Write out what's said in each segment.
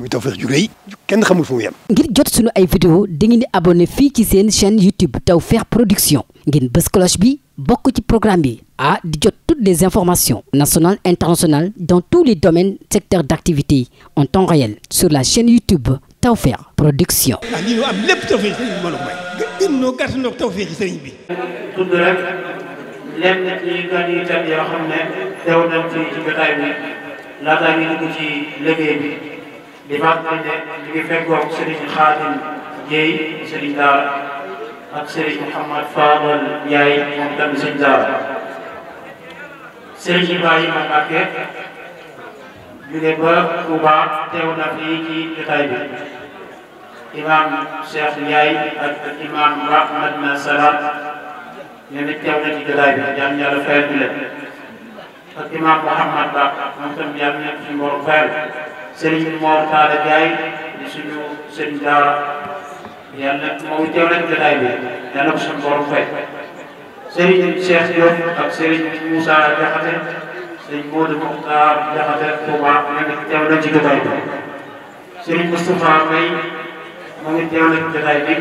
muy Tawfekh ju ngir jot sunu ay vidéo dangeen di abonné fii ci seen chaîne YouTube Tawfekh Production ngeen bës bi bokk ci programme bi a di jot toutes les informations nationales internationales dans tous les domaines secteurs d'activité en temps réel sur la chaîne YouTube Tawfekh Production. ah lii ñu am lépp Tawfekh sëriñ bi mbooloo mooy. gën gën ñoo gàtt ñoo ci gan yi Limaam Balde mi ngi fekkoon Serigne Khadim Dieye Serigne ak Serigne Mouhamad Fadal Ndiaye moom tamit Serigne Daara Serigne Ibrahima Mbacke jóge ba Touba teew na fii ci jotaay bi Imaam Cheikh Ndiaye ak Imaam Rahmatna Salat ñoom it teew na ci jotaay bi jàmm yàlla ak Imaam Mouhamad Ba moom tam jàmm nekk Serigne Mor Talla Ndiaye di suñu sëñ daara yal na moom teew nañ jotaay bi yal na ko suñu borom fay Serigne Cheikh Diop ak Serigne Moussa Diakhaté sëñ Modou Mokhtar Diakhaté Touba ñu ngi teew nañ ci jotaay bi Serigne Moustapha May mu ngi teew nañ jotaay bi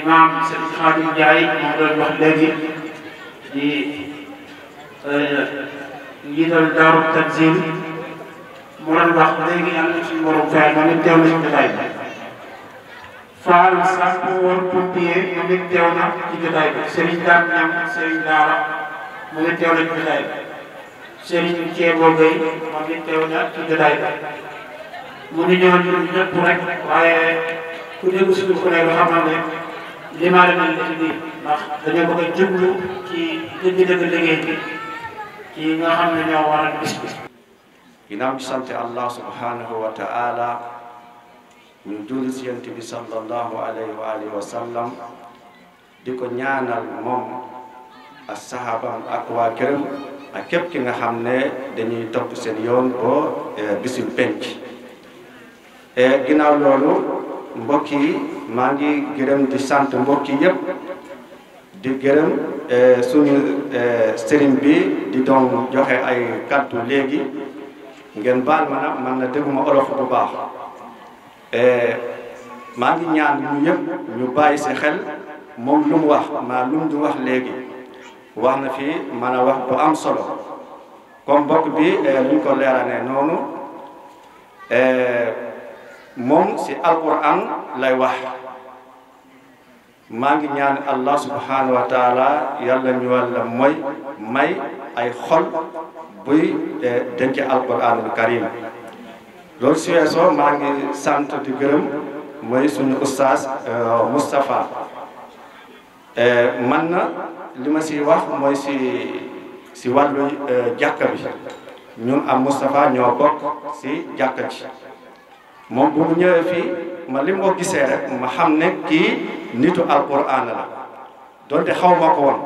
imam Serigne Khadim Ndiaye moom doon wax léegi di euh, njiital daaru tanzil mu doon wax léegi yàlla na suñu borom fayal ma nit teew na ci jotaay bi. Faal sax mu woon pompier moom it teew na ci jotaay bi Serigne Dame Niang Serigne Daara moom it teew na ci jotaay bi. Serigne Thiebo Gueye moom it teew na ci jotaay bi. mu ngi ñëwoon ñun ñëpp rek waaye ku dégg suñu ku nekk xam na ne li maa leen andi ci biir ndax dañoo bëgg a jublu ci dëgg-dëgg liggéey bi ci nga xam ne ñoo waral bis bi. ginaaw bi sante allah subhanahu wa ta'ala ñu julli si yonent bi alayhi wa alihi wa sallam di ko ñaanal moom ak sahabaam ak waa këram ak képp ki nga xam ne dañuy topp seen yoon boo e, bisul penc e, ginnaaw loolu mbokk maa ngi gërëm di sant mbokk yi yëpp di gërëm e, suñu sëriñ bi di doon joxe ay kàddu léegi ngeen baal ma nag man na dégguma olof bu baax eh, maa ngi ñaan ñu yëpp ñu bàyyi si xel moom lu mu wax maa lu du wax léegi wax na fi man a wax bu am solo comme mbokk bi eh, luñ ko leerane noonu eh, moom si alquran lay wax maa ngi ñaan allah subhanahu wa taala yàlla ñu wàlla mooy may ay xol buy eh, denc alquranul karim loolu si weesoo maa ngi sant di gërëm mooy suñu ustaas eh, Moustapha eh, man na li ma ci wax mooy si si wàllu jàkka bi ñun am Moustapha ñoo bokk si jàkka ji moom bu mu ñëwee fii ma li ma ko gisee rek ma xam ne kii nitu alquran la donte xaw ma ko woon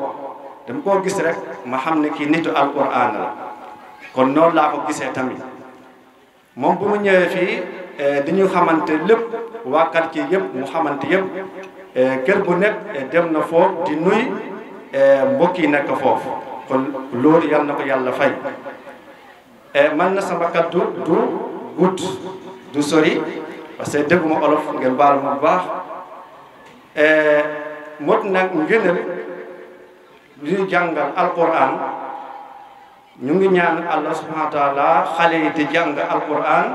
dama koo gis rek ma xam ne kii nitu alquran la kon noonu laa ko gisee tamit moom bu mu ñëwee fii eh, di xamante lépp waa quartier yëpp mu xamante yëpp eh, kër bu nekk eh, dem na foofu di nuy mbokk yi nekk foofu kon loolu yal na ko yàlla fay man na sama kaddu du gudd du sori parce que dégguma olof ngeen baal ma bu baax eh, mot nag ngënal lu ñu jàngal alquran ñu ngi ñaan allah subhanahu taala xale yi di jàng alquran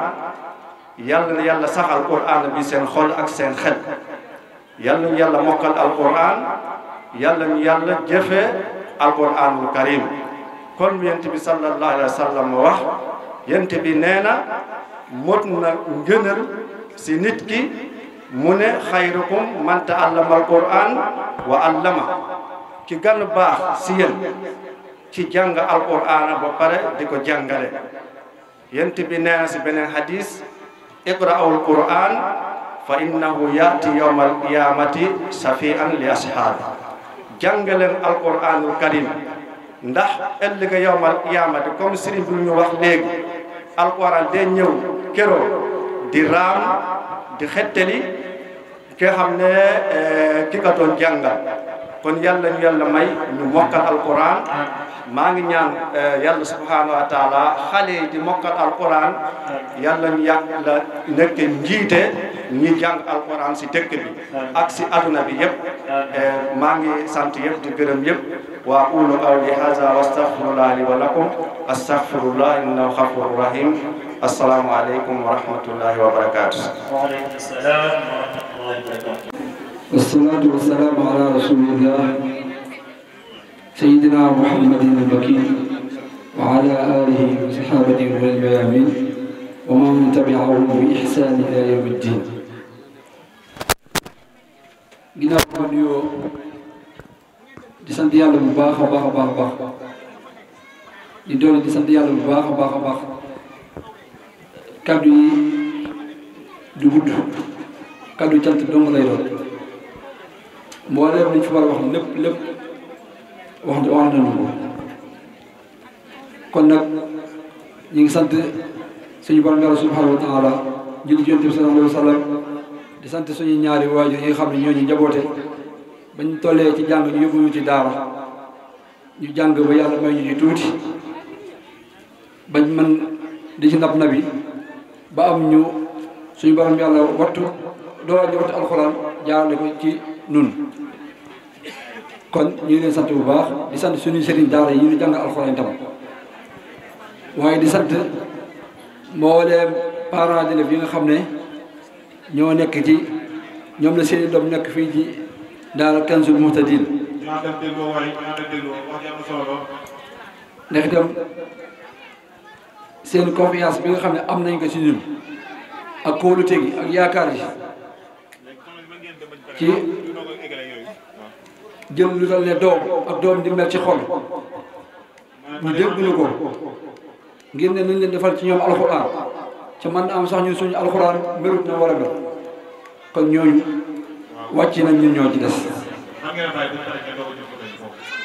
yàlla na yàlla sax alquran bi seen xol ak seen xel yàlla ñu yàlla mokkal alquran yàlla ñu yàlla jëfe alquranul karim kon yent bi sallallahu alayhi wax yent bi nee mot na ngënal si nit ki mu ne xayrukum man ta'allama alquran wa allama ki gën baax si yéen ci jàng alquran ba pare di ko jàngale yent bi nee si beneen hadis iqra'u alquran fa innahu yati yawma alqiyamati safian li ashaabi jàngaleen alquranul karim ndax ëllëg yawma alqiyamati comme sëriñ bi wax léegi alquran day ñëw keroog di raam di xettali ki xam ne eh, ki ka kon yàlla ñu yàlla may ñu mokkal alquran maa ngi ñaan eh, yàlla subhanahu wa taala xale yi di mokkal alquran yàlla ñu yàlla nekk njiite ñi jàng alquran si dëkk bi ak si aduna bi yëpp eh, maa ngi sant yëpp di gërëm yëpp wa aqulu qawli haza wa astaghfirullah li wa lakum astaghfirullah innahu ghafurur rahim assalamu alaykum wa rahmatullahi wa wa alaykum assalam wa rahmatullahi wa barakatuh wassalatu wassalamu سيدنا محمد المكي وعلى آله وصحابته والميامين ومن تبعهم بإحسان إلى يوم الدين ginnaaw bi ma di sant yàlla bu baax a baax a baax baax di doon di sant yàlla bu baax a baax a baax kaddu yi du gudd kaddu dong lay doon mbooleem li ñu fi wax lépp wax wax nañu ko kon nag ñu ngi sant suñu borom yàlla subhanahu wa taala julli ci yonent bi sallallahu alayhi sant suñu ñaari waajur yi xam ne ñoo ñu njaboote bañ tollee ci jàng ñu yóbbu ñu ci daara ñu jàng ba yàlla may ñu ci tuuti bañ man di ci nab nabi ba am ñu suñu borom yàlla wattu doora ñu wattu alxuraan jaarale ko ci nun kon ñu ngi sant bu baax di sant suñuy sëriñ daara yi ñu jàngal alxuraan tam waaye di sant mbooleem parents d'élèves yi nga xam ne ñoo nekk ci ñoom la seeni doom nekk fii ci daara Kanzul Muhtadin ndax itam seen confiance bi nga xam ne am nañ ko ci ñun ak kóolute gi ak yaakaar ji ci jëm lu dal ne doom ak doom di mel ci xol ñu dégguñu ko ngir ne nañ leen defal ci ñoom alxuraan ci man am sax ñu suñu alxuraan mbirut na war a mel kon ñooñu wàcc nañ ñun ñoo ci des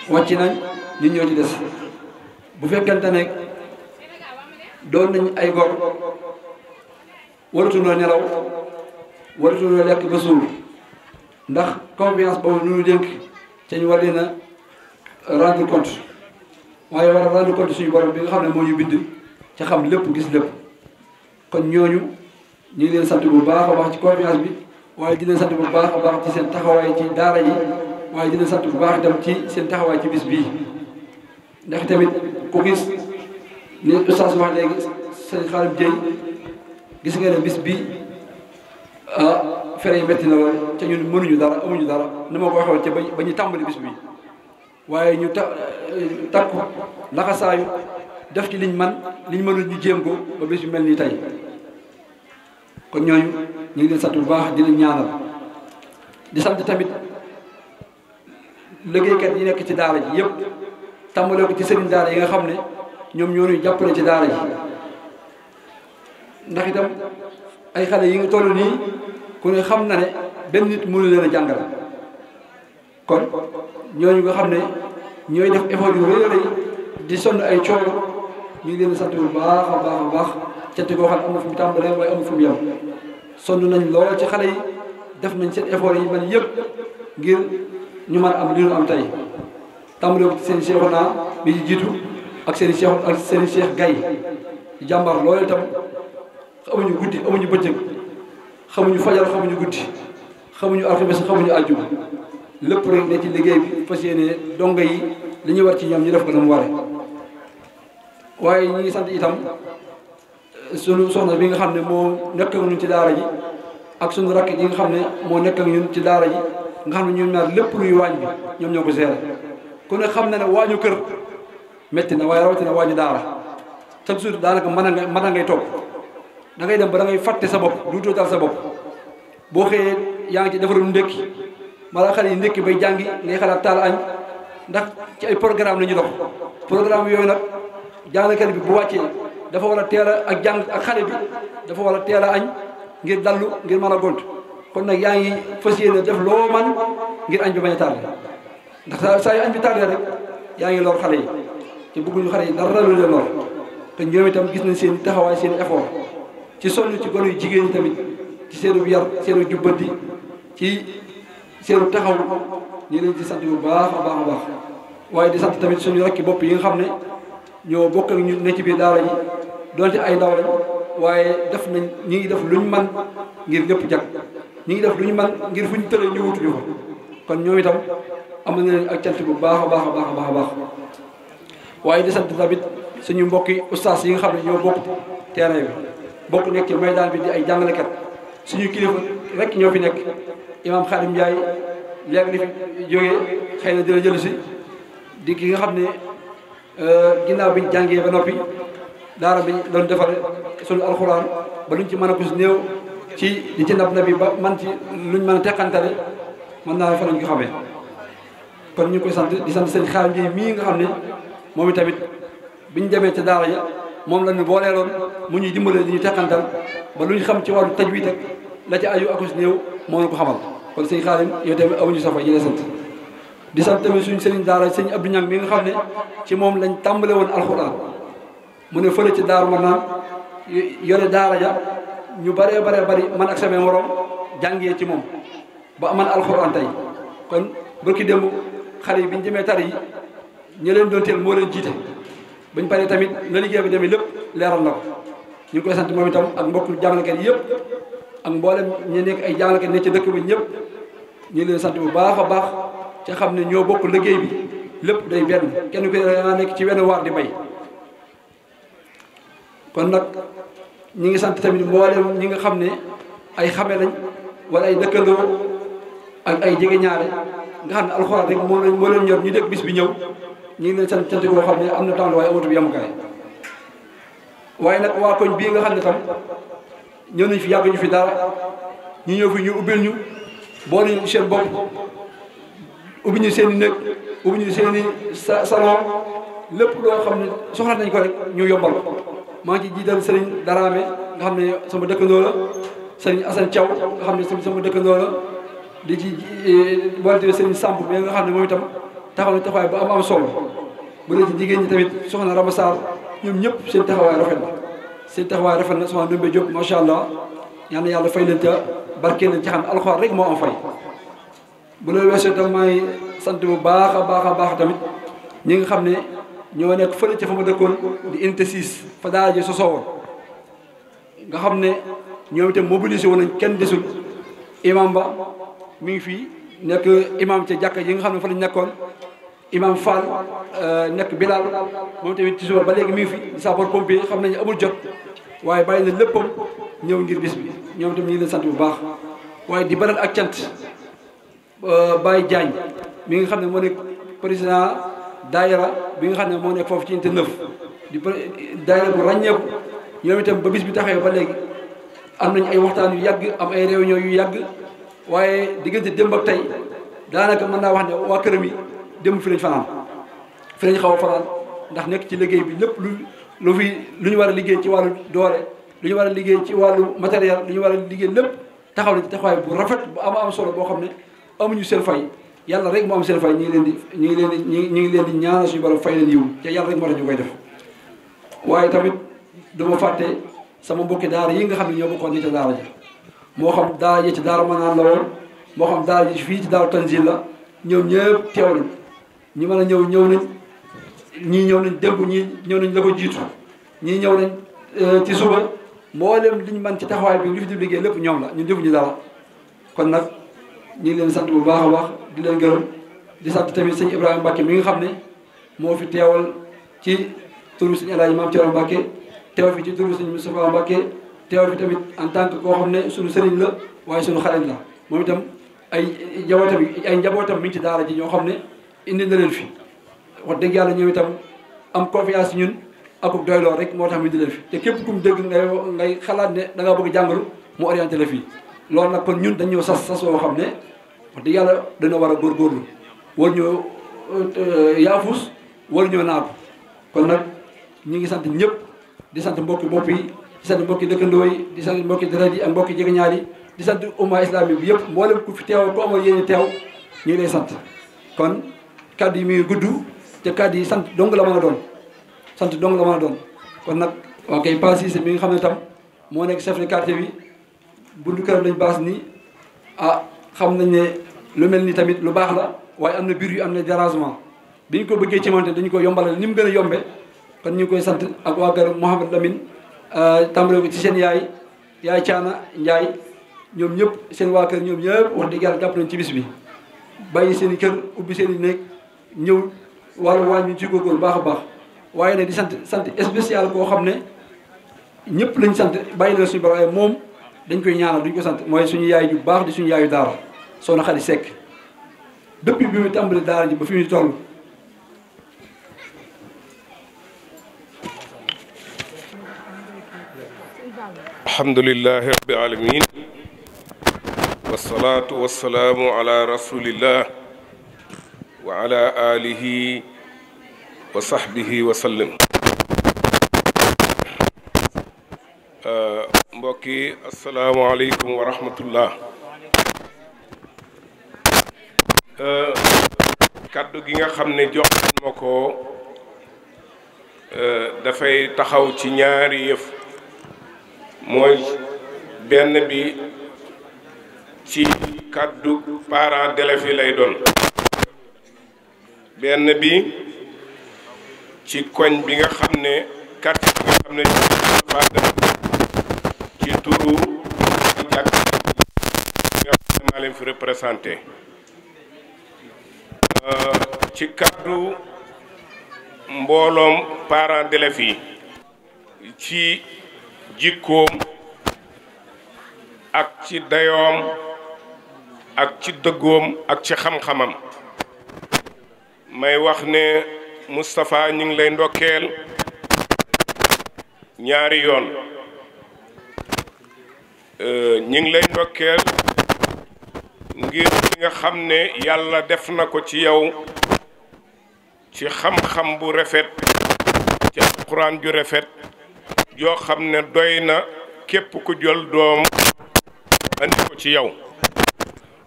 wàcc nañ ñun ñoo ci des bu fekkente ne doon nañ ay gor waratuñoo nelaw waratuñoo lekk ba suur ndax confiance boobu ñu dénk te ñu war leen a rendre compte waaye war a rendre compte suñu borom bi nga xam ne moo ñu bind ci xam lépp gis lépp kon ñooñu ñu ngi leen sant bu baax a baax ci confiance bi waaye di leen sant bu baax a baax ci seen taxawaay ci daara yi waaye di leen sant bu baax dem ci seen taxawaay ci bis bii ndax tamit ku gis ni ustaas wax léegi sëñ Xaalim Jéy gis nga ne bis bii ah fere yi métti na lool ca ñun mënuñu dara amuñu dara ni ma ko waxoon ca ba ñu tàmbali bis bi waaye ñu ta eh, takku laxasaayu def ci liñ man liñ mënul ñu jéem ko ba bis bi mel nii tey kon ñooñu ñu ngi leen bu baax di leen ñaanal di sant tamit liggéeykat yi nekk ci daara ji yëpp tàmbalee ci sëriñ daara yi nga xam ne ñoom ñoo ñuy jàppale ci daara ji ndax itam ay xale yi nga toll nii ku ne xam na ne benn nit mënu leen a jàngal kon ñooñu nga xam ne ñooy def effort yu rëy rëy di sonn ay coono ñu ngi leen sant bu baax a baax a baax cant goo xam ne amu fu mu amu fu mu sonn nañ lool ci xale yi def nañ seen effort yi man yëpp ngir ñu mën am li ñu am tey tàmbalee ko ci seen Cheikhouna bi jiitu ak seen Cheikh ak seen Cheikh Gaye jàmbaar loolu itam amuñu guddi amuñu bëccëg xamuñu fajar xamuñu guddi xamuñu alxames xamuñu aljuma lépp rek ne ci liggéey bi fas yéene donga yi li ñuy war ci ñoom ñu def ko na mu ware waaye ñu ngi sant itam eh, sunu soxna bi nga xam ne moo nekk ci daara ji ak sunu rakk yi nga xam ne moo nekk ak ñun ci daara ji nga xam ne ñoom ñaar lépp luy waañ bi ñoom ñoo ko seere ku ne xam na ne waañu kër métti na waaye rawatina waañu daara chaque jour daanaka mën a mën a ngay toog dangay dem ba da ngay fàtte sa bopp du tootal sa bopp boo xëyee yaa ngi ci defarum ndékki mala xale yi ndékki bay jàngi ngay xalaat taal añ ndax ci ay programme la ñu dox programme yooyu nag jàngalekat bi bu wàccee dafa war a teel a ak jàng ak xale bi dafa war a teel añ ngir dallu ngir mën a gont kon nag yaa ngi fas yéene def loo man ngir añ bi bañ a tardé ndax saa saa yu añ bi tardé rek yaa ngi lor xale yi te bëgguñu xale yi dara lu leen lor te ñoom gis nañ seen taxawaay seen ci sonn ci gone yu jigéen ñi tamit ci seenu yar seenu jubbanti ci seenu taxaw ñu ngi leen di sant bu baax a baax waaye di sant tamit suñu rakki bopp yi nga xam ne ñoo bokk ñu ne ci biir daara yi donte ay ndaw waaye def nañ ñi ngi def luñ man ngir ñëpp jag ngi def luñ man ngir fuñ tële ñu wutuñu ko kon ñoom itam am nañ leen ak cant bu baax a baax a baax waaye di sant tamit suñu mbokki ustaas yi nga xam ne ñoo bokk terrain bi bokk nekk ci daal bi di ay jàngalekat suñu kilifa rek ñoo fi nekk imaam Xaadim Njaay léegi li fi jógee xëy na dina jëlu si di gi nga xam ne euh, ginnaaw biñ jàngee ba noppi daara bi doon defar suñu alxuraan ba luñ ci mën a kus néew ci di ci nab nabi ba man ci luñ mën a teqantale mën naa fa lañ ko xamee kon ñu ngi koy sant di sant sëñ Xaadim Njaay mii nga xam ne moom itamit biñ demee ca daara ja moom la ñu booleeloon mu ñuy dimbalee di ñu teqantal ba lu ñu xam ci wàllu tajwid ak la ci aju akus néew moo na ko xamal kon sëñ Xaadim yow tamit amuñu safa yi la sant di sant tamit suñ sëriñ daara sëñ Abdou Ñang mi nga xam ne ci moom lañ tàmbale woon alxuraan mu ne fële ci daaru man naan yore daara ja ñu baree bare bari man ak sama morom jàngee ci moom ba man alxuraan tey kon bërki démb xale yi biñu demee tar yi ñu leen doon teel moo leen jiite bañ paree tamit na bi demee lépp leeral na ñu ngi koy sant moom itam ak mbokku jàngalekat yëpp ak mboolem ñu nekk ay jàngalekat ne ci dëkk bi ñëpp ñu ngi leen sant bu baax a baax ca xam ne ñoo bokk liggéey bi lépp day benn kenn ku ne nekk ci wenn waar di bay kon nag ñi ngi sant tamit mboolem ñi nga xam ne ay xame lañ wala ay dëkkandoo ak ay jege ñaare nga xam ne alxuraan rek moo leen moo leen ñor ñu dégg bis bi ñëw ñu ngi leen sant sant boo xam ne am na temps waaye amatu bi yamukaay waaye nag waa koñ bii nga xam ne tam ñëw nañ fi yàgg ñu fi dara ñu ñëw fi ñu ubbil ñu bool ñu seen bopp ubbi ñu seen i néeg ubbi ñu seen salon lépp loo xam ne soxla nañ ko rek ñu yombal ko maa ngi ci jiital Serigne Darame nga xam ne sama dëkkandoo la Serigne Assane Thiaw nga xam ne sama dëkkandoo la di ci eh, wante Serigne Samb mais nga xam ne moom itam taxaw na taxawaay bu am am solo bu dee ci jigéen ñi tamit soxna Rama Sarr ñoom ñëpp seen taxawaay rafet na seen taxawaay rafet na Ousmane Ndoumbe Diop macha allah yal na yàlla fay leen ta barke leen ci xam alxuraan rek moo am fay. bu loolu weesoo tam may sant bu baax a baax a baax tamit ñi nga xam ne ñoo nekk fële ca fa ma dëkkoon di unité 6 fa daara ji sosoo woon nga xam ne ñoom itam mobilisé woon nañ kenn desul imam ba mu ngi fii nekk imam ca jàkka yi nga xam ne fa lañ nekkoon. imam Fall euh, nekk Bilal moom tamit ci suba ba léegi mi ngi fi sapeur pompier xam ñu amul jot waaye bàyyi na léppam ñëw ngir bis bi ñoom tamit ñu ngi bu baax waaye di baral ak cant euh, Baye Diagne mi nga xam ne moo nekk président daayira bi nga xam ne moo nekk foofu ci unité neuf di daayira bu ràññeeku ñoom itam ba bis bi taxawee ba léegi am nañ ay waxtaan yu yàgg am ay réunion yu yàgg waaye diggante démb ak tey daanaka mën naa wax ne waa këram yi démb fi lañ fanaan fi xaw a fanaan ndax nekk ci liggéey bi lépp lu lu fi lu ñu war a liggéey ci wàllu doole lu ñu war a liggéey ci wàllu matériel lu ñu war a liggéey lépp taxaw na ci taxawaay bu rafet bu am am solo boo xam ne amuñu seen fay yàlla rek moo am seen fay ñu ngi leen di ñu ngi leen di ñu ngi leen di ñaanal suñu borom fay leen yiw te yàlla rek moo tax ñu koy def waaye tamit duma fàtte sama mbokki daara yi nga xam ne ñoo bokkoon ni ca moo xam daara ji ci daara manaan la woon moo xam daara ji fii ci daara tanzil la ñoom ñëpp teew nañ ñi mën a ñëw ñëw nañ ñii ñëw nañ démb ñi ñëw nañ la ko jiitu ñii ñëw nañ euh, ci suba mboolem liñ man ci taxawaay bi ñu fi di liggéey lépp ñoom la ñu ñun defuñu dara kon nag ñu leen sant bu baax a wax di leen gërëm di sant tamit sëñ Ibrahima Mbacke mi nga xam ne moo fi teewal ci turu sëñ El Hadj Mame Thierno Mbacke teew fi ci turu sëñ Moustapha Mbacke teew fi tamit en tant que koo xam ne suñu sëriñ la waaye suñu xarit la moom itam ay njabootam ay njabootam mi ci daara ji ñoo xam ne indi na leen fi wax dëgg yàlla ñëw itam am confiance ñun akub doyloo rek moo tax mu indi leen fi te képp kum dégg ngay ngay xalaat ne da ngaa bëgg jàngalu mu orienté la fii loolu nag kon ñun dañu ñëw sas sas woo xam ne wax dëgg yàlla dana war a góorgóorlu war ñoo euh, euh, yaafus war ñoo naagu kon nag ñu ngi sant ñëpp di sant mbokki bopp yi di sant mbokki dëkkandoo yi di sant mbokki deret ak mbokki jegeñaar yi di sant umma islamique bi yëpp mboolem ku fi teew ku amal yéen teew ñu ngi sant kàddu yi muy gudd te kàddu yi sant dong la mën a doon sant dong la mën a doon kon nag ok Pa Cissé mi nga xam ne tam moo nekk chef de quartier bi buntu këram baas nii ah xam nañ ne lu mel ni tamit lu baax la waaye am na biir yu am na dérangement bi ñu ko bëggee ci mante dañu ko yombalal ni mu gën a yombe kon ñu koy sant ak waa kër Mouhamed Lamine euh, tàmbale ko ci seen yaay yaay Caana Njaay ñoom ñëpp seen waa kër ñoom ñëpp wax dëgg yàlla jàpp nañ ci bis bi bàyyi seen kër ubbi seen i ñëw wàllu waañ ñu ci góorgóorlu baax a baax waaye nag di sant sant spécial koo xam ne ñëpp lañ sant bàyyi la suñu boroom moom dañ koy ñaanal duñ ko sant mooy suñu yaay ju baax di suñu yaayu daara soxna Xadi Sekk depuis bi muy tàmbali daara ji ba fi muy toll alhamdulillahi rabbil alamin wasalaatu wasalaamu wa ala alihi wa sahbihi wa sallam euh, mbokk yi asalaamaaleykum wa rahmatullah euh, kàddu gi nga xam ne jox ma ko euh, dafay taxaw ci ñaari yëf mooy benn bi ci kàddu parents d'élèves yi lay doon benn bi ci koñ bi nga xam ne quartier bi nga xam ne ci turu jàkk nga xam ne maa fi représenté euh, ci kaddu mbooloom parents d'élèves yi ci jikkoom ak ci dayoom ak ci dëggoom ak ci xam-xamam may wax ne mustafaa ñu ngi lay ndokkeel ñaari yoon euh, ñu ngi lay ndokkeel ngir li nga xam ne yàlla def na ko ci yow ci xam-xam bu rafet ci alquran ju rafet yoo xam ne doy na képp ku jël doom andi ko ci yow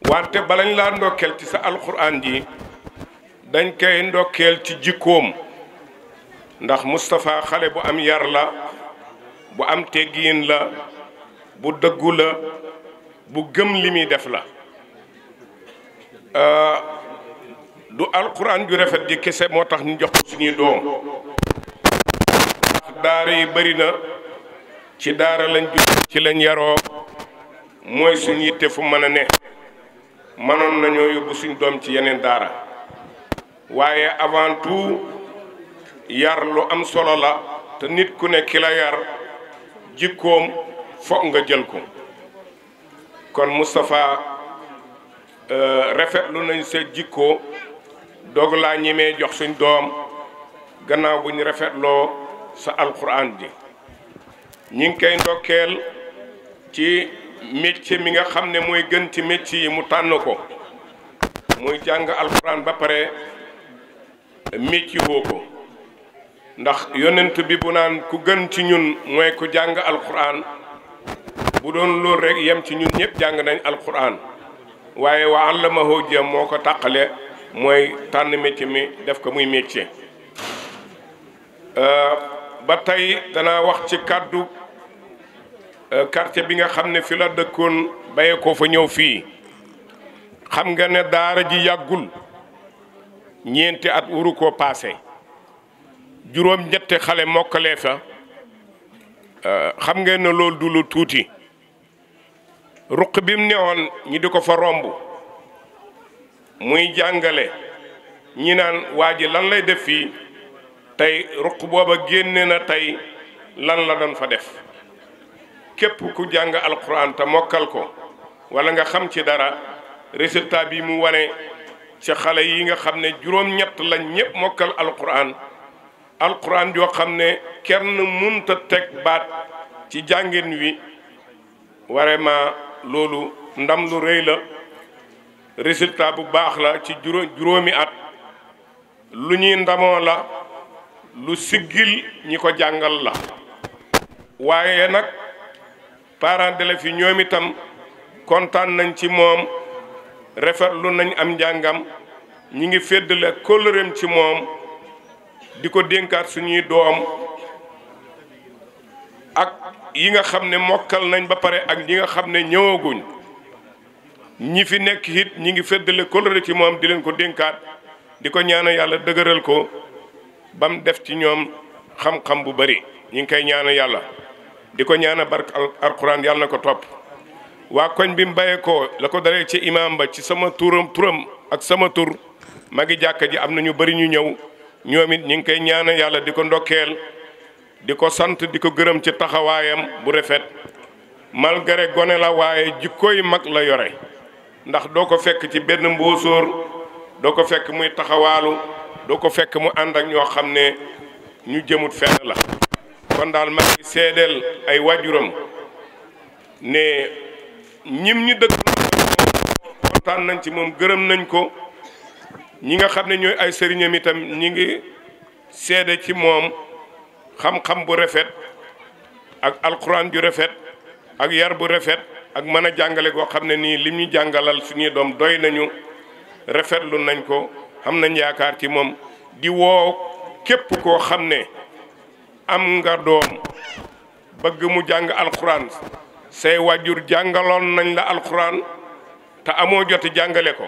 wante balañ laa ndokkeel ci sa alquran ji dañ kay ndokkeel ci jikkoom ndax Moustapha xale bu am yar la bu am teggiin la bu dëggu la bu gëm li muy def la euh, du alquran ju rafet ji kese moo tax ñu jox ko suñuy doom daara yi bëri na ci daara lañ judd ci lañ yaroo mooy suñu yitte fu mën a ne mënoon nañoo yóbbu suñ doom ci yeneen daara waaye avant tout yar lu am solo la te nit ku ne ki yar jikkoom foog nga jël ko kon Moustapha euh, rafetlu nañ sa jikko doog laa ñemee jox suñ doom gannaaw bu ñu rafetloo sa alquran ji ñi ngi koy ndokkeel ci métier mi nga xam ne mooy gën ci métier yi mu tànn ko muy jàng alquran ba pare métti boobu ndax yonent bi bu naan ku gën ci ñun mooy ku jàng alquran bu doon lool rek yem ci ñun ñëpp jàng nañ alquran waaye wa allamahu jëm moo ko tàqale mooy tànn métier mi def ko muy métier ba tey danaa wax ci kàddu quartier bi nga xam ne fi la dëkkoon baye ko fa ñëw fii xam nga ne daara ji yàggul ñeenti at wuru koo paase juróom ñetti xale mokkalee fa euh, xam nga ne loolu du lu tuuti ruq bi mu newoon ñi di ko fa romb muy jàngale ñi naan waa ji lan lay def fii tey ruq booba génne na tey lan la doon fa def képp ku jàng alquran te mokkal ko wala nga xam ci dara résultat bi mu wane ci xale yi nga xam ne juróom-ñett lañ ñëpp mokkal alquran alquran yoo xam ne kenn munta teg baat ci jàngin wi vraiment loolu ndam lu rëy la résultat bu baax la ci juróom juróomi at lu ñuy ndamoo la lu siggil ñi ko jàngal la waaye nag parents d'élèves yi ñoom itam kontaan nañ ci moom rafetlu nañu am njàngam ñi ngi féddale kóllëreem ci moom di ko dénkaat suñuy doom ak yi nga xam ne mokkal nañ ba pare ak ñi nga xam ne ñëwaguñ ñi fi nekk it ñi ngi féddale kóllëre ci moom di leen ko dénkaat di ko ñaana yàlla dëgëral ko bam def ci ñoom xam-xam bu bari ñi ngi koy ñaana yàlla di ko ñaana bark alquran yàlla na ko topp waa koñ bi mu bayee ko la ko daree ci imaam ba ci sama turam turam ak sama tur magi jàkka ji am na ñu bari ñu ñëw ñoom it ñu ngi koy ñaana yàlla di ko ndokkeel di ko sant di ko gërëm ci taxawaayam bu rafet malgré gone la waaye jikkooy mag la yore ndax doo ko fekk ci benn mboosóor doo ko fekk muy taxawaalu doo ko fekk mu ànd ak ñoo xam ne ñu jëmut fenn la kon daal maa ngi ay waajuram ne ñim ñu dëkk kontaan nañ ci moom gërëm nañ ko ñi nga xam ne ñooy ay sëriñam itam ñi ngi seede ci moom xam-xam bu rafet ak alxuraan ju rafet ak yar bu rafet ak mën a jàngale goo xam ne nii li ñu jàngalal suñuy doom doy nañu rafetlu nañ ko xam nañ yaakaar ci moom di woo képp koo xam ne am nga doom bëgg mu jàng alxuraan say waajur jàngaloon nañ la alxuraan te amoo joti jàngale ko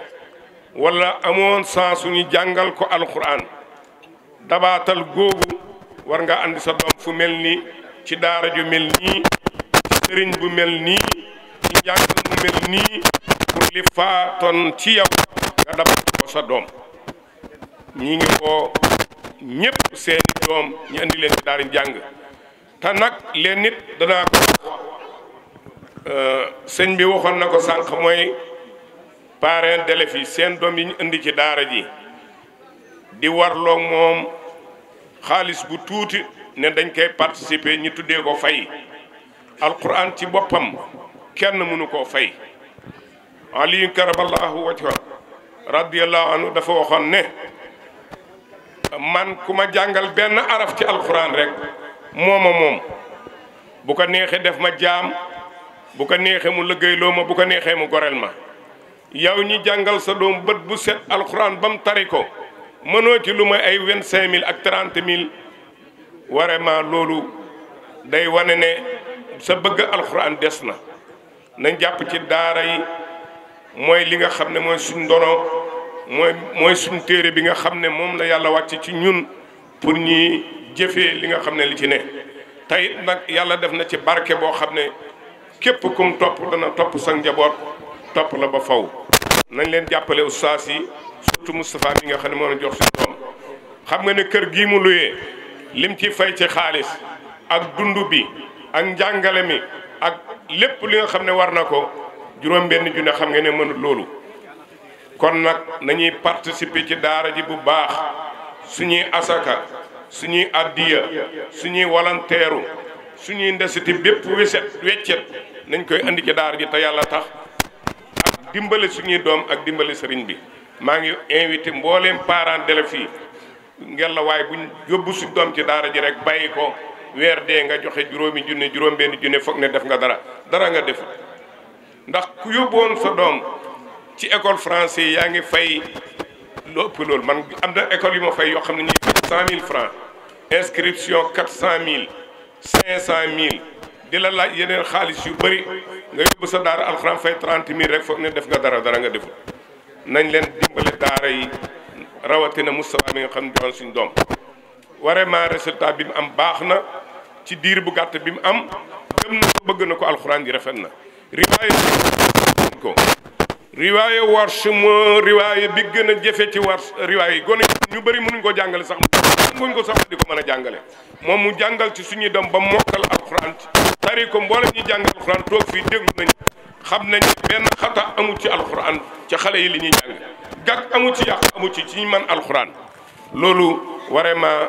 wala amoon saa suñu jàngal ko alxuraan dabaatal googu war nga andi sa doom fu mel ni ci daara ju mel nii ci sëriñ bu mel ni ci njàng mu mel nii pour li faatoon ci yow nga dabaat ko sa doom ñi ngi woo ñépp seeni doom ñu andi leen ci daara njàng te nag leen nit danaa ko Euh, sëñ bi waxoon na ko sànq mooy parrain d'élèves yi seen doom yi ñu indi ci daara ji di warloo moom xaalis bu tuuti ne dañ koy participer ñu tuddee ko fay alquran ci boppam kenn mënu koo fay ali karamallahu wajha radiyallahu anhu dafa waxoon ne man ku ma jàngal benn araf ci alxuraan rek mooma moom bu ko neexee def ma jaam bu ko neexee mu liggéeyloo ma bu ko neexee mu goreel ma yow ñi jàngal sa doom bët bu set alxuraan ba mu tari ko mënoo ci lu may ay vingt-cinq mille ak trente mille vraiment loolu day wane ne sa bëgg alxuraan des na na jàpp ci daara yi mooy li nga xam ne mooy suñ ndono mooy mooy suñ téere bi nga xam ne moom la yàlla wàcc ci ñun pour ñuy jëfe li nga xam ne li ci ne tey nag yàlla def na ci barke boo xam ne képp kum topp dana topp sa njaboot topp la ba faw nañ leen jàppale ustaas yi surtout Moustapha mi nga xam ne moo na jox si doom xam nga ne kër gii mu luyee lim ci fay ci xaalis ak dund bi ak njàngale mi ak lépp li nga xam ne war na ko juróom benn junne xam nga ne mënut loolu kon nag nañuy participer ci daara ji bu baax suñuy asaka suñuy addiya suñuy walanteeru suñuy ndesiti bépp weset weccet nañ koy indi ci daar ji te yàlla tax ak dimbale suñuy doom ak dimbale sëriñ bi maa ngi invité mbooleem parents d'élèves fii ngelawaay waaye buñ yóbbu su doom ci daara ji rek bàyyi ko weer dee nga joxe juróomi junne juróom benn junne foog ne def nga dara dara nga def ndax ku yóbboon sa doom ci école français yaa ngi fay lu loolu man am na école yu ma fay yoo xam ne ñuy fay cent mille francs inscription quatre cent mille cinq cent mille di la laaj yeneen xaalis yu bëri nga yóbbu sa daara alxuraan fay trente mille rek foog ne def nga dara dara nga deful nañ leen dimbale daara yi rawatina Moustapha mi nga xam ne joxoon suñ doom vraiment résultat bi mu am baax na ci diir bu gàtt bi mu am gëm na ko bëgg na ko alxuraan ji rafet na riwaaye ko riwaaye warsh moo riwaaye bi gën a jëfe ci warsh riwaaye gone ñu bëri mënuñ ko jàngale sax mënuñ ko sax di ko mën a jàngale moom mu jàngal ci suñuy dam ba mokkal alxuraan ci tari ko mboole ñuy jàngal alxuraan toog fii déglu nañ xam nañ benn xata amu ci alxuraan ci xale yi li ñuy jàng gàkk amu ci yàq amu ci ci man alxuraan loolu vraiment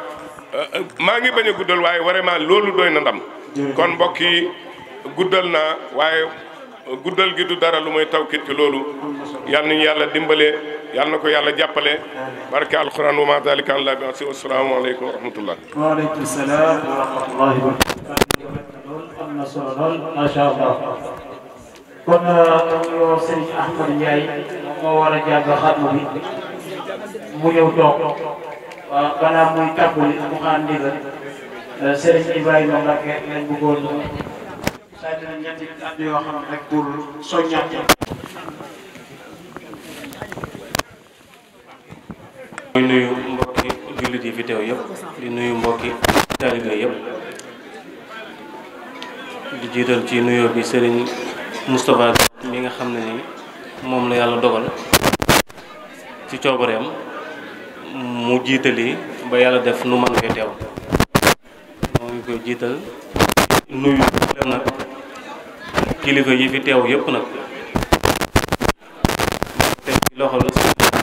euh, maa ngi bañ a guddal waaye vraiment loolu doy na ndam kon mbokk yi guddal na waaye guddal gi du dara lu may tawkit ci loolu yal nañu yàlla dimbale yal na ko yàlla jàppale barke alquran wa ma dalika an la bi asi asalaamaaleykum wa rahmatullah waaleykum salaam wa rahmatullahi wa barakatuh am na solo lool macha allah kon uh, yow Serigne Ahmad Ndiaye moo war a jàng xatma bi mu ñëw toog waaw uh, balaa muy tàmbali mu xaar ndigal uh, Serigne Ibrahima Mbacke lañ bëggoon saa dina ñetti nuyu mbokki jullit yi fi teew yëpp di nuyu mbokki taalibe yëpp di jiital ci nuyoo bi Serigne Moustapha mi nga xam ne ni moom la yàlla dogal ci coobareem mu jiitali ba yàlla def nu man fee teew moo ngi koy jiital nuyu dem nag kilifa yi fi teew yëpp nag teg ci loxo la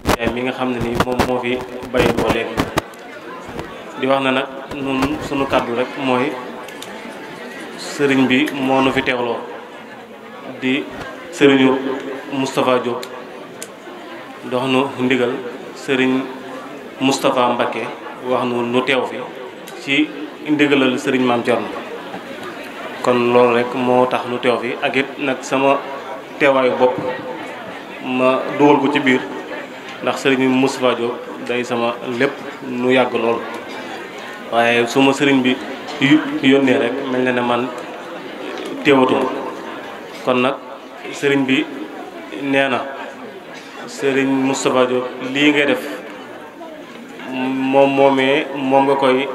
Njaay mi nga xam ne ni moom moo fi bàyyi ko di wax na nag nun suñu kàddu rek mooy sëriñ bi moo nu fi teewloo di sëriñu Moustapha Diop dox nu ndigal sëriñ Moustapha Mbacké wax nu nu teew fi ci ndigalal sëriñ Maam Thierno kon loolu rek moo tax nu teew fi ak it nag sama teewaayu bopp ma dugal ko ci biir ndax sëriñ bi Moustapha Diop day sama lépp nu yàgg lool waaye su ma sëriñ bi yónnee rek mel na ne man teewatuma kon nag sëriñ bi nee na sëriñ Moustapha Diop lii ngay def moom moomee moom nga koy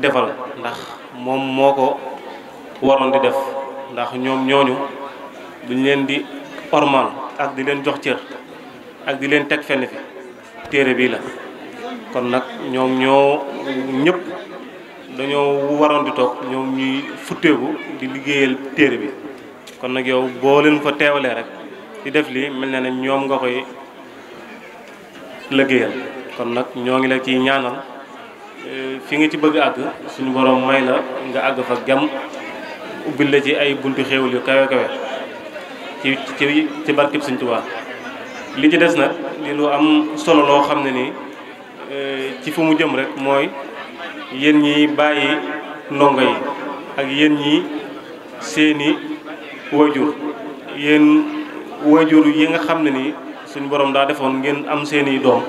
defal ndax moom moo ko waroon di def ndax ñoom ñooñu duñ leen di ormal ak di leen jox cër ak di leen teg fenn fi téere bii la kon nag ñoom ñoo ñëpp dañoo waroon di toog ñoom ñuy futteeku di liggéeyal téere bi kon nag yow boo leen ko teewalee rek di def li mel na ne ñoom nga koy liggéeyal kon nag ñoo ngi la ciy ñaanal eh, fi nga ci bëgg àgg suñu borom may la nga àgg fa gem ubbil ci ay buntu xéewal yu kawe kawe ci ci ci barkib Sëñ li ci des nag li lu am solo loo xam ne nii eh, ci fu mu jëm rek mooy yéen ñi bàyyi ndongo yi ak yéen ñi seeni wajur yéen wajur yi nga xam ne nii suñu borom daa defoon ngeen am seeni doom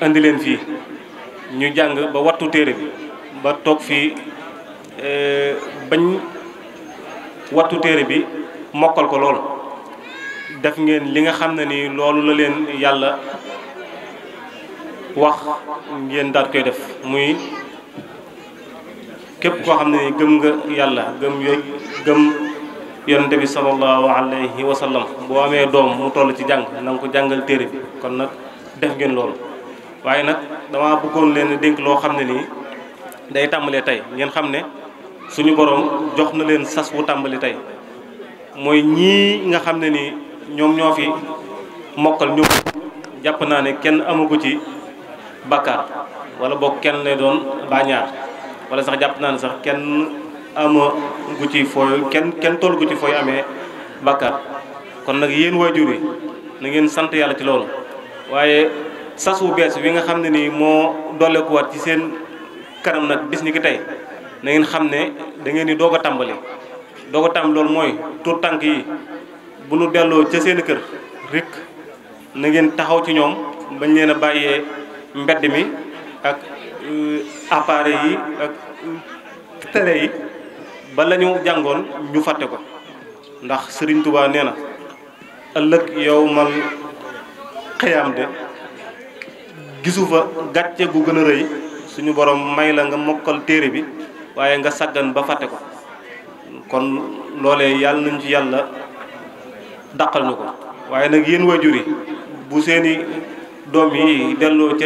indi fii ñu jàng ba wattu téere bi ba toog fii eh, bañ wattu téere bi mokkal ko lool def ngeen li nga xam ne ni loolu la leen yàlla wax ngeen daal koy def muy képp koo xam ne ni gëm nga yàlla gëm yooyu gëm yonente bi sallallahu alayhi wa sallam boo amee doom mu toll ci jàng na ko jàngal téere bi kon nag def ngeen loolu waaye nag dama bëggoon leen dénk loo xam ne nii day tàmbalee tey ngeen xam ne suñu borom jox na leen sas wu tàmbali tey mooy ñii nga xam ne ni ñoom ñoo fi mokkal ñëw jàpp naa ne kenn amagu ci bakkaar wala boog kenn lay doon baa ñaar wala sax jàpp naa ne sax kenn amagu ci fooy kenn kenn toll gu ci fooy amee bakkaar kon nag yéen waajur yi na ngeen sant yàlla ci loolu waaye sas wu bees wi nga xam ne nii moo dollekuwaat ci seen kanam nag bis ni ki tey na ngeen xam ne dangeen di doog a tàmbali doog a tàmbali loolu mooy tuut tànk yi bu nu delloo ca seeni kër rek na ngeen taxaw ci ñoom bañ leen a bàyyee mbedd mi ak euh, appareil yi ak euh, télé yi ba la ñu jàngoon ñu fàtte ko ndax Sëriñ Tuubaa nee na ëllëg yow man xëyaam de gisu fa gàcce gu gën a rëy suñu borom may la nga mokkal téere bi waaye nga saggan ba fàtte ko kon loolee yàlla nañ ci yàlla daqal ñu ko waaye nag yéen waajur yi bu seeni doom yi delloo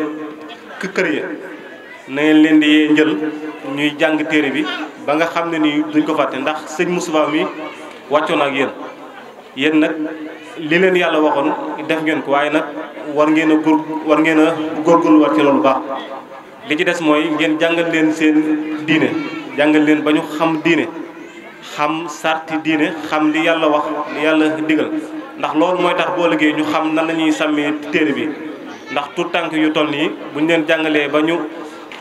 ca kër ya na ngeen leen di njël ñuy jàng téere bi ba nga xam ne nii duñ ko fàtte ndax sëñ Moussa mi wàccoon ak yéen yéen nag li leen yàlla waxoon def ngeen ko waaye nag war ngeen a góor war ngeen a góorgóorluwaat ci loolu baax li ci des mooy ngeen jàngal leen seen diine jàngal leen ba ñu xam diine xam sarti diine xam li yàlla wax li yàlla digal ndax loolu mooy tax boo liggéey ñu xam nan la ñuy sàmmee téere bi ndax tout tànk yu toll nii bu ñu leen jàngalee ba ñu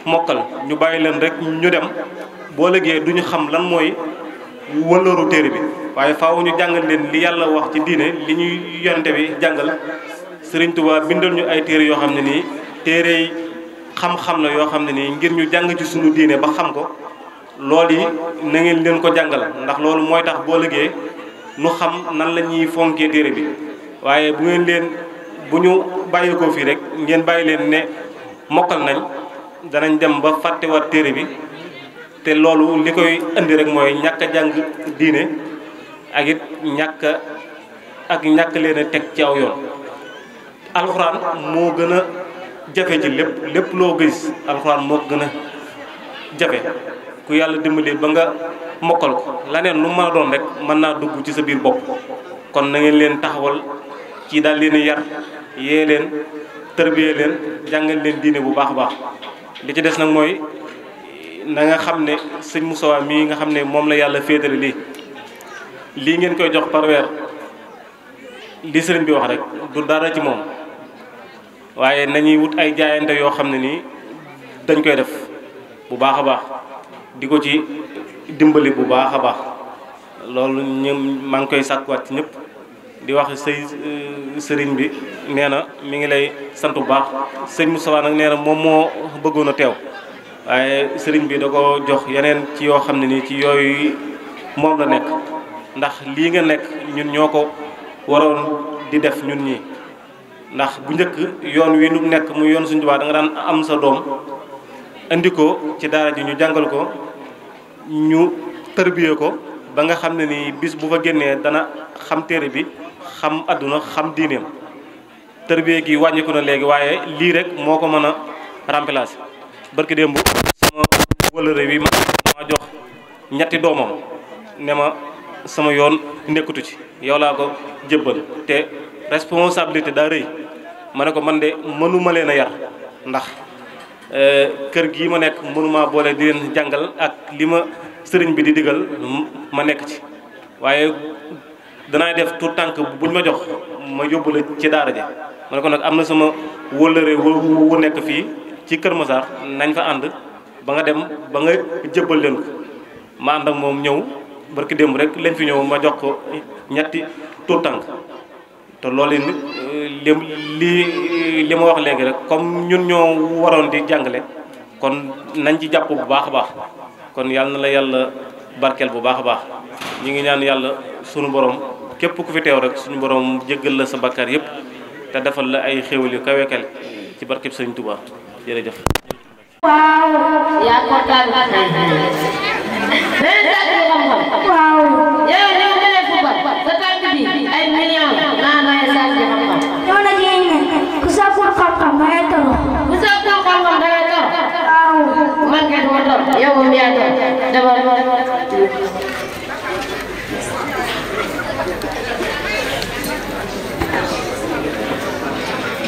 mokkal ñu bàyyi leen rek ñu dem boo liggéey duñu xam lan mooy wëllëru téere bi waaye faaw ñu jàngal leen li yàlla wax ci diine li ñuy yonte bi jàngal Sëriñ Tuubaa bindal ñu ay téere yoo xam ne nii téere xam-xam na yoo xam ne nii ngir ñu jàng ci suñu diine ba xam ko lool yi na ngeen leen ko jàngal ndax loolu mooy tax boo liggéey nu xam nan la ñuy fonkee téere bi waaye bu ngeen leen bu ñu bàyyi ko fii rek ngeen bàyyi leen ne mokkal nañ danañ dem ba fàtte fàttewaat téere bi te loolu li koy indi rek mooy ñàkk a jàng diine ak it ñàkk ak ñàkk leen teg ci aw yoon alxuraan moo gën jafe ci lépp lépp loo gis alxuraan moo gën a jafe ku yàlla dimbalee ba nga mokkal ko laneen lu ma doon rek mën naa dugg ci sa biir bopp kon na ngeen leen taxawal ci daal leen yar yee leen tërbiyee leen jàngal leen diine bu baax a baax li ci des nag mooy na nga xam ne sëñ Moussa mii nga xam ne moom la yàlla féetale lii lii ngeen koy jox par weer li sëriñ bi wax rek du dara ci moom waaye nañuy wut ay jaayante yoo xam ne nii dañ koy def bu baax a baax di ko ci dimbali bu baax a baax loolu ñu maa ngi koy sàkkuwaat ci ñëpp di wax say euh, sëriñ bi nee na mi ngi lay sant bu baax sëñ Moustapha nag nee na moom moo bëggoon a teew waaye sëriñ bi da ko jox yeneen ci yoo xam ne nii ci yooyu moom la nekk ndax lii nga nekk ñun ñoo ko waroon di def ñun ñi ndax bu njëkk yoon wi nu nekk mu yoon suñu Tuubaa da nga daan am sa doom indi ko ci daara ji ñu jàngal ko ñu tërbiyee ko ba nga xam ne nii bis bu fa génnee dana xam téere bi xam àdduna xam diineem tërbiyee gi wàññiku na léegi waaye lii rek moo ko mën a remplacer barki démb sama wëlëre wi ma jox ñetti doomam ne ma sama yoon nekkutu ci yow laa ko jébbal te responsabilité daa rëy ma ne ko man de mënuma leen a yar ndax euh, kër gii ma nekk mënuma boole di leen jàngal ak li ma sëriñ bi di digal ma nekk ci waaye danaa def tout tànk buñ ma jox ma yóbbu la ci daara ji ma ne ko nag am na sama wëllëre wu nekk fii ci Kër Massar nañ fa ànd ba nga dem ba nga jëbbal leen ko ma ànd ak moom ñëw barki démb rekk lañ fi ñëw ma jox ko ñetti tout tànk te loolu nit li li li ma wax léegi rek comme ñun ñoo waroon di jàngale kon nañ ci jàpp bu baax a baax kon yàlla na la yàlla barkeel bu baax a baax ñu ngi ñaan yàlla sunu borom képp ku fi teew rek suñu borom jéggal la sa bakkaar yëpp te defal la ay xéwal yu kawe ci barkeb Sëriñ Tuubaa jërëjëf. waaw yow moom yaa doon demal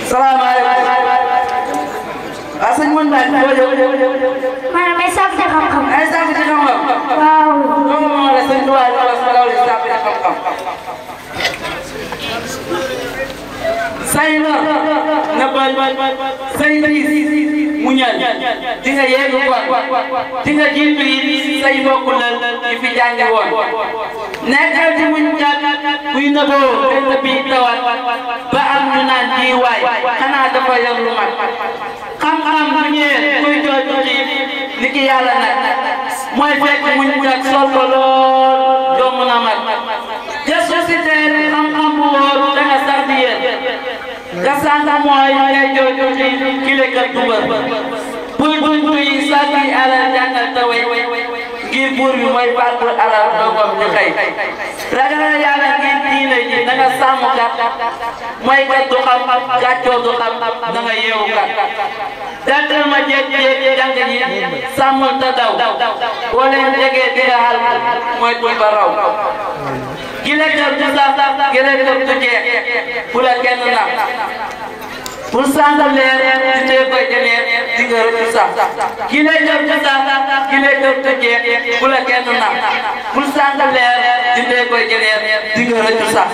salaamaaleykum. waaw sëñ Mawne maa ngi lay jóg. maanaam ay saako ci xam-xam. ay saako ci xam-xam. waaw. moom moo la sëñ Tuubaa la wala wala wala saako ci xam-xam. say lor. na bañ. say diis. muñal di nga yeedu ko di nga jiitu yi say mbokk la yi fi jàngi woon nekkal di muñ jàpp kuy naboo benn bi tawat ba am ñu naan di waay xanaa dafa yor lu mat xam-xam bu ñëwee kuy jooju ci li ki yàlla mooy fekk muñ jàpp sol ko lool doo mun a mat gëstu Kasata mooy kajooju ni kile ka dugal bul buntu yi sànni alal jàngal tawe ngir buur bi mooy fàttu alal doomam ñu xëy ragal yàlla ngir diine ji na nga sàmm mooy kat du xam kàccoo du xam na nga yeewu kat jàngal ma jéeg jéeg jàng ji sàmmal ta daw boo leen jegee dina mooy tuñ raw gile kër du sax gile kër du jeex bu la kenn nax pour sànq leer di tee koy demee di nga rëcc sax gile kër du sax gile kër du jeex bu la kenn nax pour sànq leer di tee koy demee di nga rëcc sax.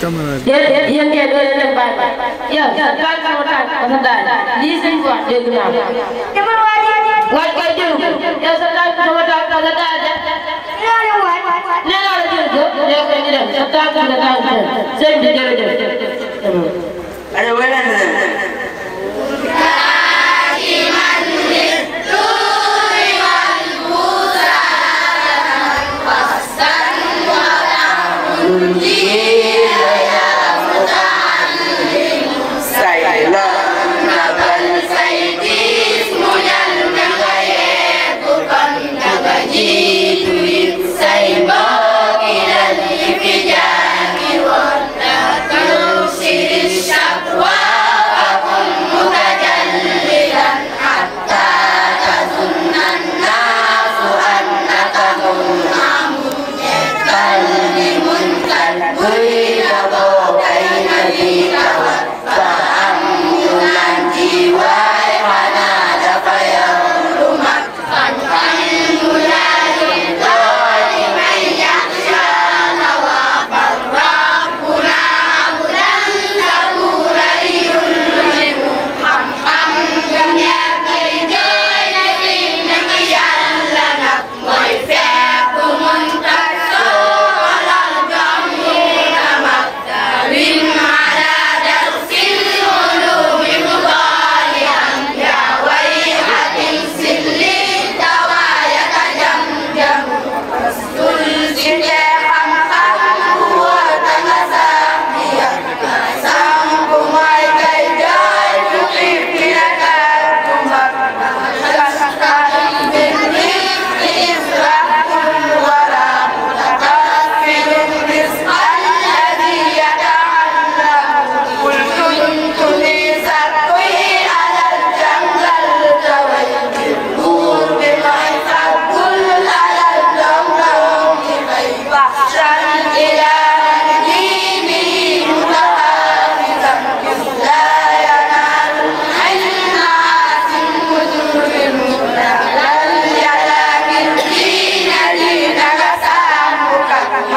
caméra bi. yéen yéen kay doo leen bàyyi bàyyi yow bàyyi sama tànk ba sa daal lii sëñ bi wax dégg naa ko. waay waay jërëjëf yow sa tànk sama tànk ba sa daal de. nee naa la jërëjëf yow kay ñu dem sa tànk sa tànk sëñ bi jërëjëf. Hare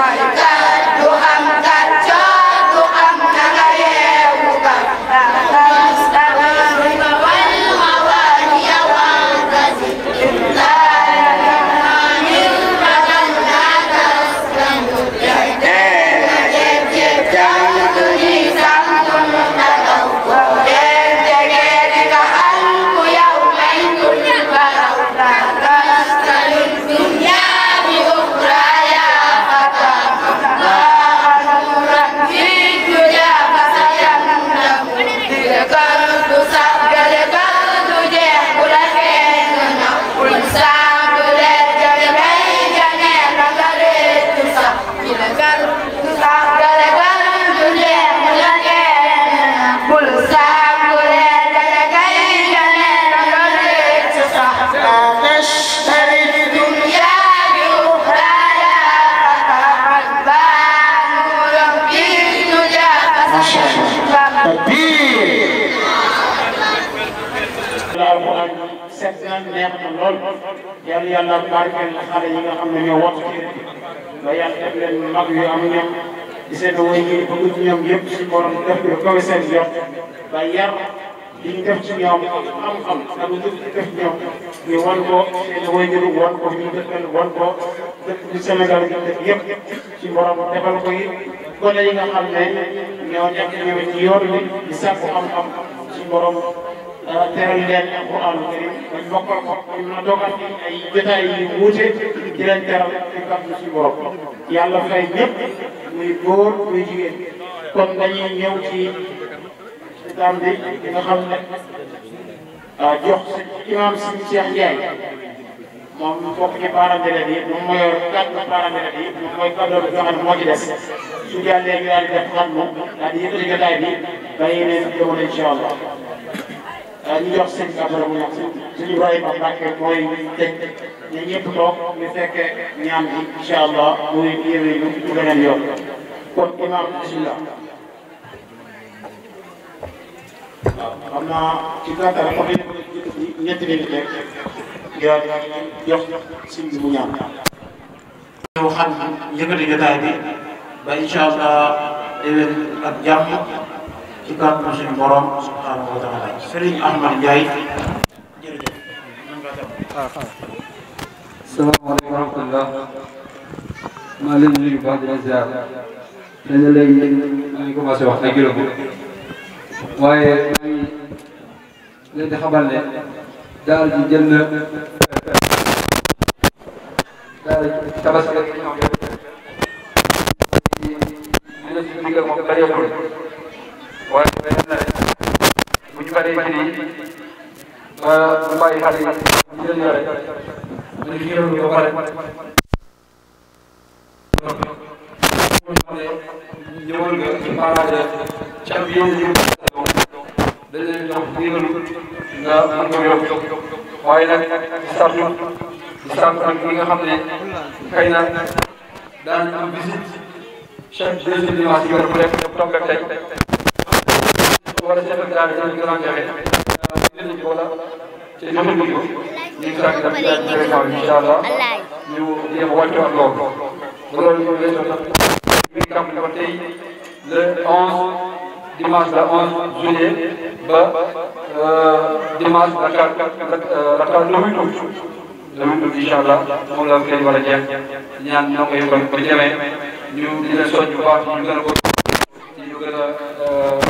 Vai! leen xale yi nga xam ne ñoo woote ci nga yàlla def leen mag yu am ñam di seen way ñi bëgg ci ñoom yëpp suñu borom def lu kawe seen jot ba yar li ñu def ci ñoom xam-xam ak lu def ci ñoom ñu wan ko seen way ñu wan ko ñu dëkkal wan ko dëkk bi Sénégal gi def yëpp ci borom defal ko yi gone yi nga xam ne ñoo nekk ñëw ci yoon bi di sàkku xam-xam ci borom teewlu leen alquraanu karim bañ bokkal ko bañ mën a dogal ci ay jotaay yu wuute di leen teral ci kàddu si borom yàlla fay ñëpp muy góor muy jigéen kon dañuy ñëw ci dam bi di nga xam ne ah, jox imaam si Cheikh Ndiaye moom mu bokk ci parents d'élèves yi moom mooy kàddu parents d'élèves yi moom mooy kàddu bi nga xam ne moo ci des su jàllee ñu daal di def xatmu daal di yëkkati jotaay bi bàyyi leen jëmoon incha allah ñu jox seen gàmbara mu nag suñu Ibrahima Mbacke mooy teg ñu ñëpp toog ñu fekkee ñaan bi incha allah muy yéwee ñu ci beneen yoon kon imaam bismillah waaw xam naa ci gàttal xam nañu ne ñetti minute rek nga jox sëñ bi mu ñaan. yow xam yëkkati jotaay bi ba incha allah déwén ak jàmm. ci kàttanu suñu borom subhaanahu wa taala Serigne Ahmad Ndiaye jërëjëf salaamaaleykum wa rahmatullah maa leen nuyu baax di leen ziar dañu léegi maa ngi commencé wax ay juróom waaye maa ngi leen di xamal ne daal di jënd daal di tabaski benn nawet bu ñu paree jëlee ba bu bàyyi xale yi ñu leen yore ñu xéewal ñu ba pare ñëwal nga ci parade ci am yéen ñu dañ leen jox xéewal nga mën ko yokk waaye nag di sant di sant ak ñi nga xam ne xëy na daan am visite chaque deuxième dimanche yor bu nekk tombé tey wala chef de village dañu gën a joxe wala te joxuñu ko ñu ngi saa gis ak direction bi incha allah ñu jéem a wàccuwaat loolu. bu loolu ñu weesoo nag ñu ngi tàmbali ko tey le 11 dimanche le 11 juillet ba dimanche la 4 la 4 le 8 août le 8 août incha allah moom la koy war a jeex ñaan ñoo koy ko bu demee ñu di leen soññ bu baax ñu gën a ko ñu gën a.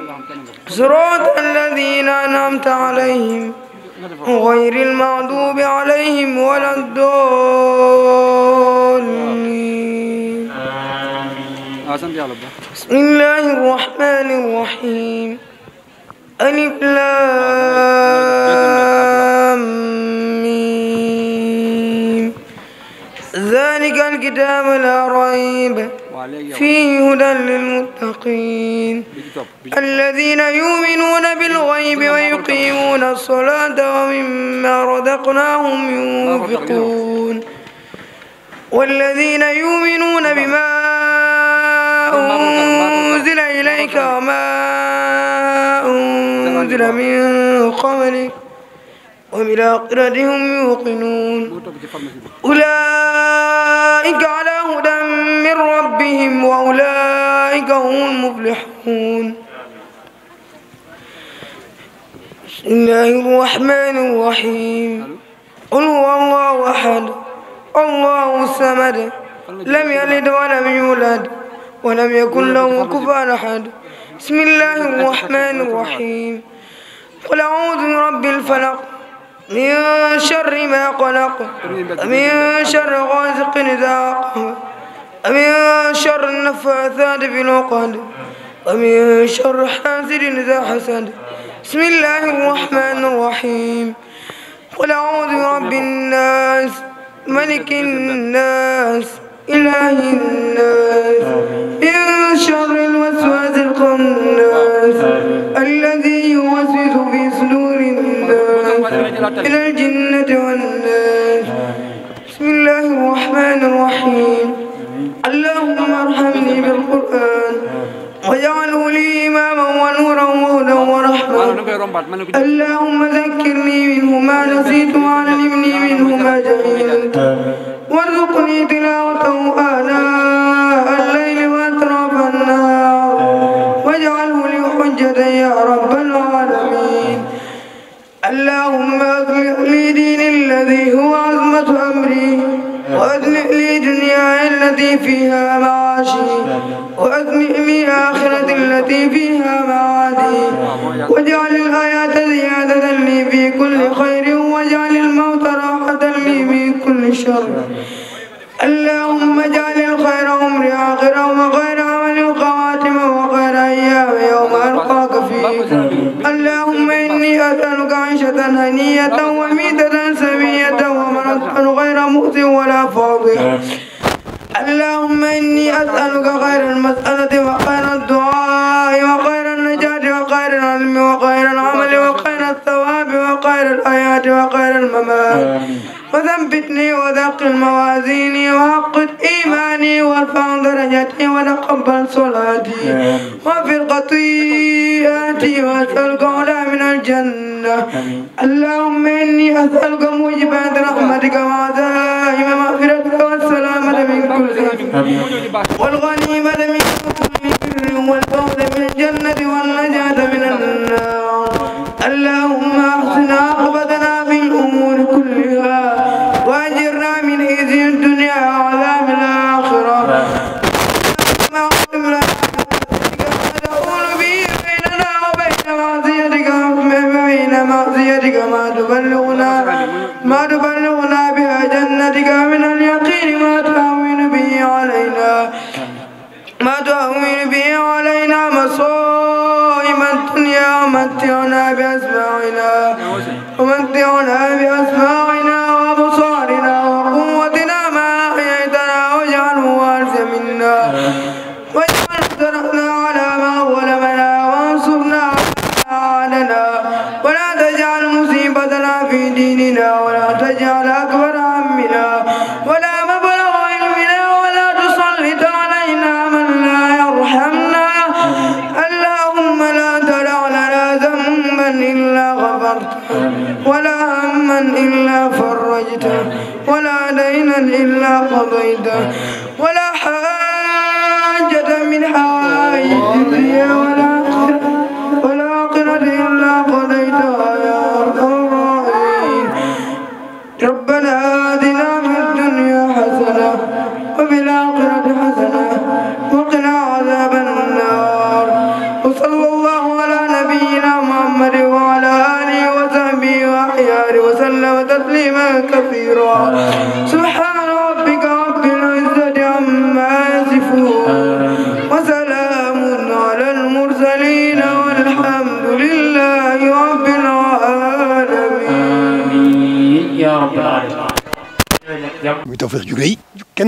صراط الذين أنعمت عليهم غير المغضوب عليهم ولا الضالين بسم الله الرحمن الرحيم ألف لام ذلك الكتاب لا ريب فيه هدى للمتقين الذين يؤمنون بالغيب ويقيمون الصلاة ومما رزقناهم ينفقون والذين يؤمنون بما أنزل إليك وما أنزل من قبلك وبالآخرة هم يوقنون أولئك على هدى من ربهم وأولئك هم المفلحون بسم الله الرحمن الرحيم قل هو الله أحد الله الصمد لم يلد ولم يولد ولم يكن له كفوا أحد بسم الله الرحمن الرحيم قل أعوذ برب الفلق من شر ما خلق من شر غاسق إذا وقب ومن شر النفاثات في العقد ومن شر حاسد إذا حسد بسم الله الرحمن الرحيم قل أعوذ برب الناس ملك الناس إله الناس من شر الوسواس الخناس الذي يوسوس إلى الجنة والنار بسم الله الرحمن الرحيم اللهم ارحمني بالقرآن واجعله لي إماما ونورا وهدى ورحمة اللهم ذكرني منه ما نسيت وعلمني منه ما جهلت وارزقني تلاوته آناء الليل وأطراف النهار واجعله لي حجة يا رب العالمين اللهم أصلح لي ديني الذي هو عظمة أمري وأصلح لي دنياي التي فيها معاشي وأصلح لي آخرتي التي فيها معادي واجعل الحياة زيادة لي في كل خير واجعل الموت راحة لي في كل شر اللهم اجعل الخير عمري آخر ومغرب مغنية كعيشة هنية وميتة سوية ومنطقا غير مؤذي ولا فاضي اللهم إني أسألك خير المسألة وخير الدعاء وخير النجاة وخير العلم وخير العمل وخير الثواب وخير الحياة وخير الممات وثبتني وذق الموازين وعقد إيماني وارفع درجتي وتقبل صلاتي وفي خطيئاتي وأسألك علا من الجنة اللهم إني أسألك موجبات رحمتك وعزائم مغفرتك والسلامة من كل والغنيمة من كل والفوز من الجنة والنجاة من النار اللهم بيدك ما تبلغنا ما تبلغنا بها جنتك من اليقين ما تهون به علينا ما تهون به علينا مصائب الدنيا ومتعنا بأسماعنا ومتعنا بأسماعنا وأبصارنا وقوتنا ما أحييتنا واجعله وارث منا واجعل ثرنا على ما ظلمنا وانصرنا على ما عادنا